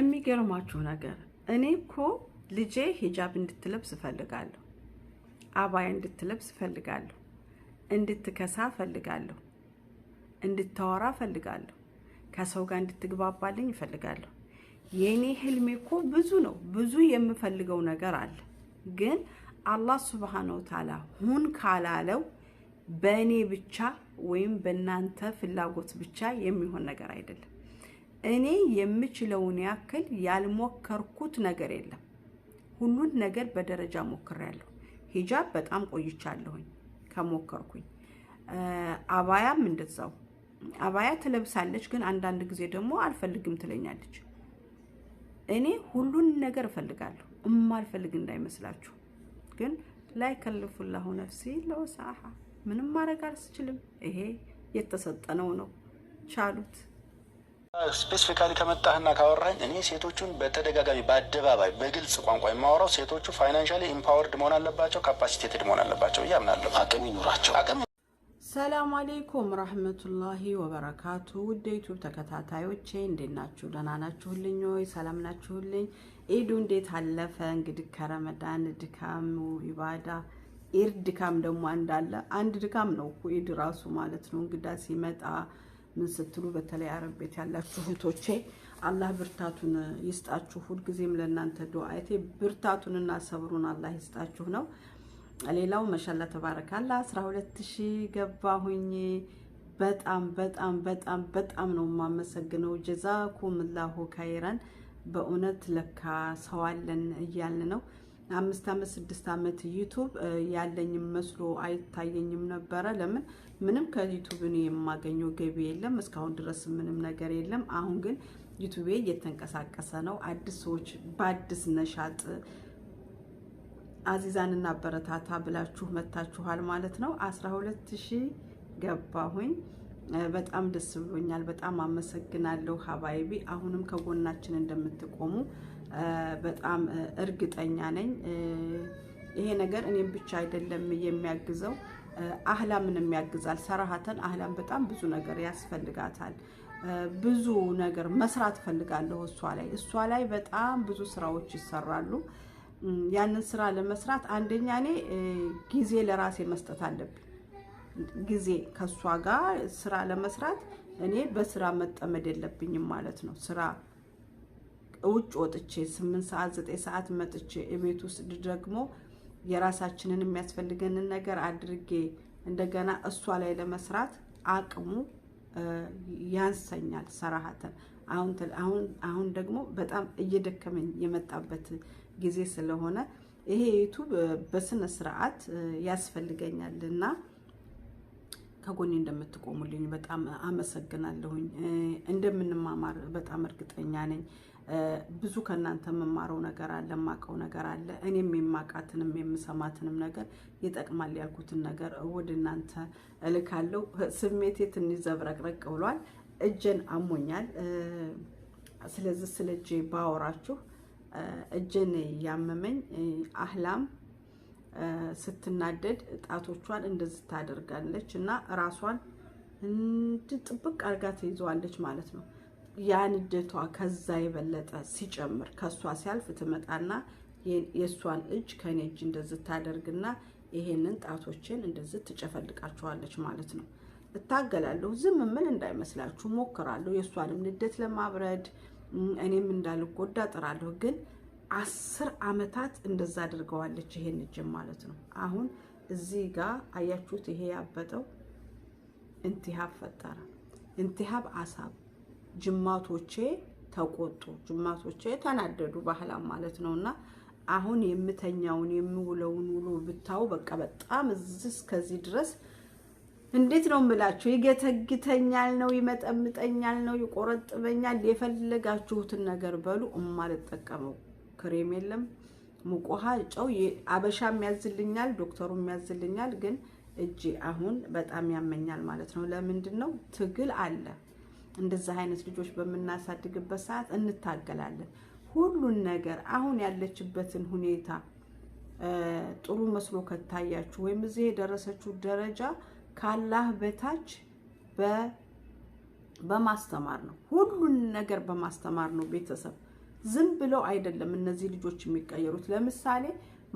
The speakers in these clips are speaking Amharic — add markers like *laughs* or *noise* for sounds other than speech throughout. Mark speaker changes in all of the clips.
Speaker 1: የሚገርማችሁ ነገር እኔ እኮ ልጄ ሂጃብ እንድትለብስ እፈልጋለሁ። አባያ እንድትለብስ እፈልጋለሁ። እንድትከሳ እፈልጋለሁ። እንድታወራ እፈልጋለሁ። ከሰው ጋር እንድትግባባልኝ እፈልጋለሁ። የእኔ ህልሜ እኮ ብዙ ነው። ብዙ የምፈልገው ነገር አለ። ግን አላህ ሱብሃነሁ ወተዓላ ሁን ካላለው በእኔ ብቻ ወይም በእናንተ ፍላጎት ብቻ የሚሆን ነገር አይደለም። እኔ የምችለውን ያክል ያልሞከርኩት ነገር የለም። ሁሉን ነገር በደረጃ ሞክሬያለሁ። ሂጃብ በጣም ቆይቻለሁኝ ከሞከርኩኝ። አባያም እንደዛው አባያ ትለብሳለች፣ ግን አንዳንድ ጊዜ ደግሞ አልፈልግም ትለኛለች። እኔ ሁሉን ነገር እፈልጋለሁ፣ እማልፈልግ እንዳይመስላችሁ። ግን ላይ ከልፉላሁ ነፍሲ ለወሳሃ ምንም ማድረግ አልስችልም። ይሄ የተሰጠነው ነው፣ ቻሉት። ስፔሲፊካሊ ከመጣህና ካወራኝ እኔ ሴቶቹን በተደጋጋሚ በአደባባይ በግልጽ ቋንቋ
Speaker 2: የማወራው ሴቶቹ ፋይናንሻሊ ኢምፓወርድ መሆን አለባቸው፣ ካፓሲቴትድ መሆን አለባቸው ብዬ አቅም ይኑራቸው። ሰላም አሌይኩም ረህመቱላሂ ወበረካቱ። ውድ ዩቱብ ተከታታዮቼ እንዴት ናችሁ? ደህና ናችሁልኝ ወይ? ሰላም ናችሁልኝ? ኢዱ እንዴት አለፈ? እንግዲህ ከረመዳን ድካሙ ኢባዳ ኢድ ድካም ደግሞ እንዳለ አንድ ድካም ነው ኢድ ራሱ ማለት ነው እንግዳ ሲመጣ ምን ስትሉ በተለይ አረብ ቤት ያላችሁ እህቶቼ አላህ ብርታቱን ይስጣችሁ። ሁልጊዜም ለእናንተ ዱዓይቴ ብርታቱንና ሰብሩን አላህ ይስጣችሁ ነው። ሌላው መሻላ ተባረካላ 12 ሺ ገባሁኝ። በጣም በጣም በጣም በጣም ነው የማመሰግነው። ጀዛኩምላሁ ካይረን። በእውነት ለካ ሰዋለን እያለ ነው። አምስት አመት ስድስት አመት ዩቱብ ያለኝም መስሎ አይታየኝም ነበረ ለምን ምንም ከዩቱብ እኔ የማገኘው ገቢ የለም። እስካሁን ድረስ ምንም ነገር የለም። አሁን ግን ዩቱቤ እየተንቀሳቀሰ ነው። አዲስ ሰዎች በአዲስ ነሻጥ አዚዛንና በረታታ ብላችሁ መታችኋል ማለት ነው። አስራ ሁለት ሺህ ገባሁኝ። በጣም ደስ ብሎኛል። በጣም አመሰግናለሁ ሀባይቢ። አሁንም ከጎናችን እንደምትቆሙ በጣም እርግጠኛ ነኝ። ይሄ ነገር እኔም ብቻ አይደለም የሚያግዘው አህላምንም ያግዛል። ሰራሃተን አህላም በጣም ብዙ ነገር ያስፈልጋታል። ብዙ ነገር መስራት ፈልጋለሁ እሷ ላይ እሷ ላይ በጣም ብዙ ስራዎች ይሰራሉ። ያንን ስራ ለመስራት አንደኛ እኔ ጊዜ ለራሴ መስጠት አለብኝ። ጊዜ ከእሷ ጋር ስራ ለመስራት እኔ በስራ መጠመድ የለብኝም ማለት ነው። ስራ ውጭ ወጥቼ ስምንት ሰዓት ዘጠኝ ሰዓት መጥቼ ቤት ውስጥ ደግሞ የራሳችንን የሚያስፈልገንን ነገር አድርጌ እንደገና እሷ ላይ ለመስራት አቅሙ ያንሰኛል። ሰራሀተን አሁን ደግሞ በጣም እየደከመኝ የመጣበት ጊዜ ስለሆነ ይሄ ዩቱብ በስነ ስርዓት ያስፈልገኛል እና ከጎኔ እንደምትቆሙልኝ በጣም አመሰግናለሁኝ። እንደምንማማር በጣም እርግጠኛ ነኝ። ብዙ ከእናንተ የምማረው ነገር አለ፣ የማውቀው ነገር አለ። እኔም የማውቃትንም የምሰማትንም ነገር ይጠቅማል ያልኩትን ነገር ወደ እናንተ እልካለሁ። ስሜቴ ትንሽ ዘብረቅረቅ ብሏል፣ እጄን አሞኛል። ስለዚህ ስለ እጄ ባወራችሁ እጄን ያመመኝ አህላም ስትናደድ ጣቶቿን እንደዚህ ታደርጋለች እና ራሷን እንድጥብቅ አድርጋ ትይዘዋለች ማለት ነው። ያንደቷ ከዛ የበለጠ ሲጨምር ከሷ ሲያልፍ ትመጣና የእሷን እጅ ከኔ እጅ እንደዚህ ታደርግና ይሄንን ጣቶችን እንደዚህ ትጨፈልቃቸዋለች ማለት ነው። እታገላለሁ። ዝም ምን እንዳይመስላችሁ ሞክራለሁ። የእሷንም ንደት ለማብረድ እኔም እንዳልጎዳ ጥራለሁ። ግን አስር አመታት እንደዛ አድርገዋለች ይሄን እጅ ማለት ነው። አሁን እዚህ ጋር አያችሁት? ይሄ ያበጠው እንትሃብ ፈጠረ። እንትሃብ አሳብ ጅማቶቼ ተቆጡ፣ ጅማቶቼ ተናደዱ። ባህላም ማለት ነው እና አሁን የምተኛውን የምውለውን ውሎ ብታው በቃ በጣም እዚህ እስከዚህ ድረስ እንዴት ነው የምላችሁ? ይገተግተኛል ነው ይመጠምጠኛል ነው ይቆረጥበኛል። የፈለጋችሁትን ነገር በሉ። እማልጠቀመው ክሬም የለም ሙቅ ጨው አበሻ ያዝልኛል፣ ዶክተሩም ያዝልኛል። ግን እጅ አሁን በጣም ያመኛል ማለት ነው። ለምንድን ነው ትግል አለ እንደዚህ አይነት ልጆች በምናሳድግበት ሰዓት እንታገላለን። ሁሉን ነገር አሁን ያለችበትን ሁኔታ ጥሩ መስሎ ከታያችሁ ወይም እዚህ የደረሰችው ደረጃ ካላህ በታች በማስተማር ነው። ሁሉን ነገር በማስተማር ነው። ቤተሰብ ዝም ብለው አይደለም እነዚህ ልጆች የሚቀየሩት። ለምሳሌ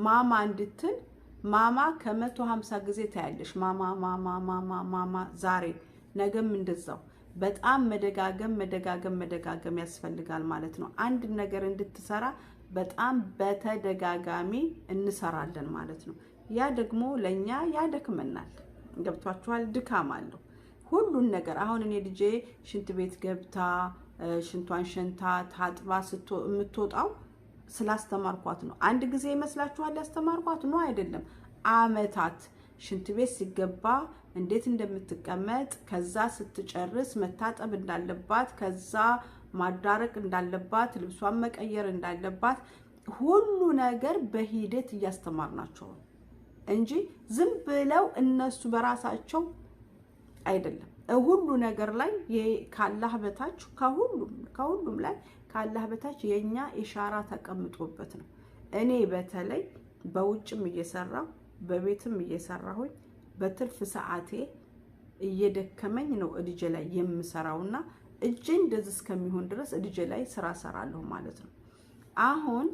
Speaker 2: ማማ እንድትል ማማ ከመቶ ሀምሳ ጊዜ ታያለሽ። ማማ ማማ ማማ ማማ ዛሬ ነገም እንደዛው በጣም መደጋገም መደጋገም መደጋገም ያስፈልጋል ማለት ነው። አንድ ነገር እንድትሰራ በጣም በተደጋጋሚ እንሰራለን ማለት ነው። ያ ደግሞ ለእኛ ያደክመናል። ገብቷችኋል? ድካም አለው ሁሉን ነገር። አሁን እኔ ልጄ ሽንት ቤት ገብታ ሽንቷን ሸንታ ታጥባ የምትወጣው ስላስተማርኳት ነው። አንድ ጊዜ ይመስላችኋል ያስተማርኳት? ነው አይደለም። አመታት ሽንት ቤት ሲገባ እንዴት እንደምትቀመጥ ከዛ ስትጨርስ መታጠብ እንዳለባት ከዛ ማዳረቅ እንዳለባት ልብሷን መቀየር እንዳለባት ሁሉ ነገር በሂደት እያስተማርናቸው ነው እንጂ ዝም ብለው እነሱ በራሳቸው አይደለም። ሁሉ ነገር ላይ ካላህ በታች ከሁሉም ላይ ካላህ በታች የእኛ ኢሻራ ተቀምጦበት ነው። እኔ በተለይ በውጭም እየሰራው በቤትም እየሰራሁኝ በትርፍ ሰዓቴ እየደከመኝ ነው እድጄ ላይ የምሰራውና እጄ እንደዚህ እስከሚሆን ድረስ እድጄ ላይ ስራ ሰራለሁ ማለት ነው። አሁን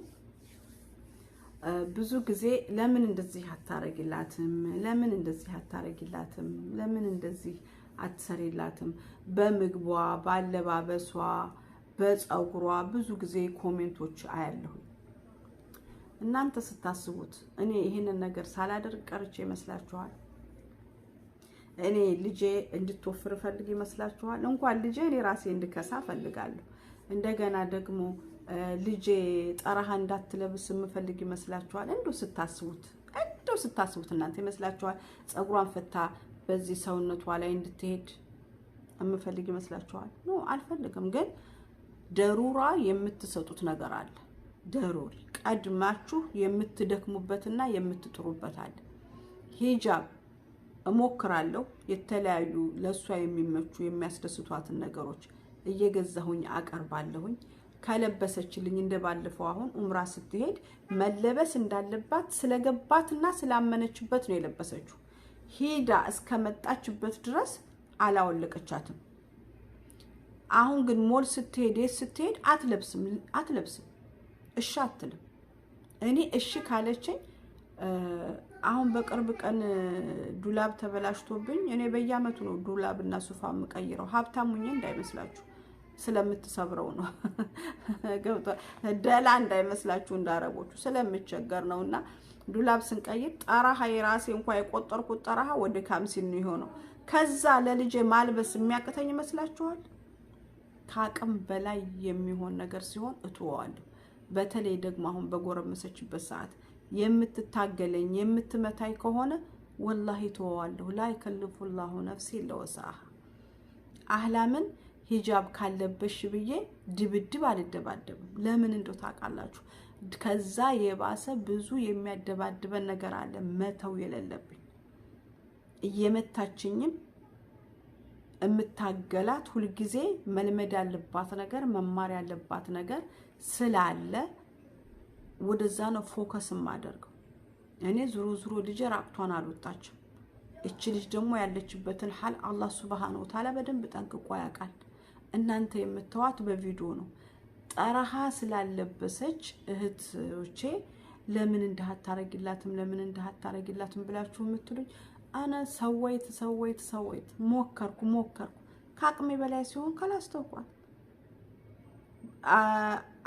Speaker 2: ብዙ ጊዜ ለምን እንደዚህ አታረጊላትም? ለምን እንደዚህ አታረጊላትም? ለምን እንደዚህ አትሰሪላትም? በምግቧ፣ በአለባበሷ፣ በፀጉሯ ብዙ ጊዜ ኮሜንቶች አያለሁኝ። እናንተ ስታስቡት እኔ ይህንን ነገር ሳላደርግ ቀርቼ ይመስላችኋል? እኔ ልጄ እንድትወፍር እፈልግ ይመስላችኋል? እንኳን ልጄ እኔ ራሴ እንድከሳ እፈልጋለሁ። እንደገና ደግሞ ልጄ ጠራሃ እንዳትለብስ የምፈልግ ይመስላችኋል? እንዶ ስታስቡት እንዶ ስታስቡት እናንተ ይመስላችኋል? ጸጉሯን ፈታ በዚህ ሰውነቷ ላይ እንድትሄድ የምፈልግ ይመስላችኋል? ኖ አልፈልግም። ግን ደሩራ የምትሰጡት ነገር አለ ደሩሪ ቀድማችሁ የምትደክሙበትና የምትጥሩበት አለ። ሂጃብ እሞክራለሁ። የተለያዩ ለእሷ የሚመቹ የሚያስደስቷትን ነገሮች እየገዛሁኝ አቀርባለሁኝ። ከለበሰችልኝ እንደ ባለፈው አሁን ኡምራ ስትሄድ መለበስ እንዳለባት ስለገባትና ስላመነችበት ነው የለበሰችው። ሄዳ እስከመጣችበት ድረስ አላወለቀቻትም። አሁን ግን ሞል ስትሄድ ስትሄድ አትለብስም አትለብስም፣ እሺ አትልም። እኔ እሺ ካለችኝ አሁን በቅርብ ቀን ዱላብ ተበላሽቶብኝ እኔ በየአመቱ ነው ዱላብ እና ሱፋ የምቀይረው። ሀብታም ሁኜ እንዳይመስላችሁ ስለምትሰብረው ነው *laughs* ገብቷል። ደላ እንዳይመስላችሁ እንዳረቦቹ ስለምቸገር ነው። እና ዱላብ ስንቀይር ጠራሃ የራሴ እንኳ የቆጠርኩት ጠራሃ ወደ ካምሲን ነው የሆነው። ከዛ ለልጄ ማልበስ የሚያቅተኝ ይመስላችኋል? ከአቅም በላይ የሚሆን ነገር ሲሆን እትወዋለሁ። በተለይ ደግሞ አሁን በጎረመሰችበት ሰዓት የምትታገለኝ የምትመታኝ ከሆነ ወላሂ ተወዋለሁ። ላይ ከልፉላሁ ነፍሲ ለወሳ አህላምን ሂጃብ ካለበሽ ብዬ ድብድብ አልደባደብም። ለምን እንደ ታውቃላችሁ? ከዛ የባሰ ብዙ የሚያደባድበን ነገር አለ መተው የሌለብኝ እየመታችኝም የምታገላት ሁልጊዜ መልመድ ያለባት ነገር መማር ያለባት ነገር ስላለ ወደዛ ነው ፎከስ የማደርገው። እኔ ዙሮ ዙሮ ልጄ ራቅቷን አልወጣችም። እች ልጅ ደግሞ ያለችበትን ሀል አላህ ሱብሃነሁ ወተዓላ በደንብ ጠንቅቆ ያውቃል። እናንተ የምታዋት በቪዲዮ ነው። ጠረሃ ስላለበሰች እህቶቼ ለምን እንዳታረግላትም ለምን እንዳታረግላትም ብላችሁ የምትሉኝ አነ ሰወይት ሰወይት ሰወይት ሞከርኩ ሞከርኩ ከአቅሜ በላይ ሲሆን ከላስተውኳል።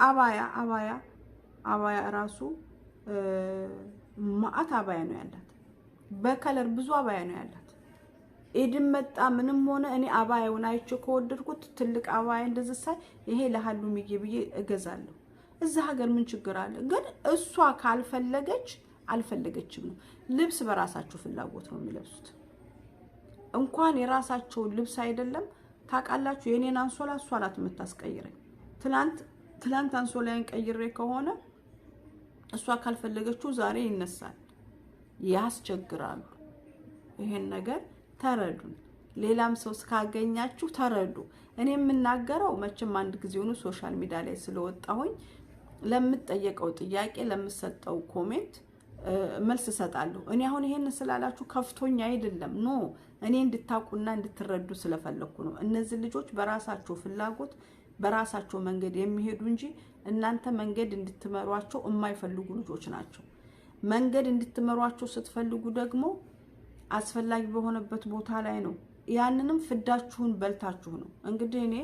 Speaker 2: አባያ አባያ አባያ እራሱ ማአት አባያ ነው ያላት። በከለር ብዙ አባያ ነው ያላት። ኤድም መጣ ምንም ሆነ እኔ አባያውን አይቼ ከወደድኩት ትልቅ አባያ እንደዚህ ይሄ ለሀሉ ምዬ ብዬ እገዛለሁ። እዛ ሀገር ምን ችግር አለ? ግን እሷ ካልፈለገች አልፈለገችም ነው። ልብስ በራሳችሁ ፍላጎት ነው የሚለብሱት። እንኳን የራሳቸውን ልብስ አይደለም ታውቃላችሁ። የኔን አንሶላ እሷ ናት የምታስቀይረኝ። ትላንት ትላንት አንሶላዬን ቀይሬ ከሆነ እሷ ካልፈለገችው ዛሬ ይነሳል፣ ያስቸግራሉ። ይሄን ነገር ተረዱን። ሌላም ሰው እስካገኛችሁ ተረዱ። እኔ የምናገረው መቼም አንድ ጊዜ ሆኖ ሶሻል ሚዲያ ላይ ስለወጣሁኝ ለምጠየቀው ጥያቄ ለምሰጠው ኮሜንት መልስ እሰጣለሁ። እኔ አሁን ይሄን ስላላችሁ ከፍቶኝ አይደለም። ኖ እኔ እንድታውቁና እንድትረዱ ስለፈለግኩ ነው። እነዚህ ልጆች በራሳቸው ፍላጎት በራሳቸው መንገድ የሚሄዱ እንጂ እናንተ መንገድ እንድትመሯቸው የማይፈልጉ ልጆች ናቸው። መንገድ እንድትመሯቸው ስትፈልጉ ደግሞ አስፈላጊ በሆነበት ቦታ ላይ ነው። ያንንም ፍዳችሁን በልታችሁ ነው። እንግዲህ እኔ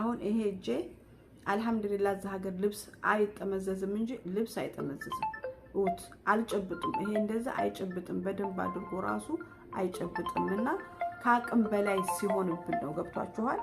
Speaker 2: አሁን ይሄ እጄ አልሐምዱሊላ እዛ ሀገር ልብስ አይጠመዘዝም እንጂ ልብስ አይጠመዘዝም ት አልጨብጥም ይሄ እንደዛ አይጨብጥም። በደንብ አድርጎ ራሱ አይጨብጥም እና ከአቅም በላይ ሲሆንብን ነው። ገብቷችኋል?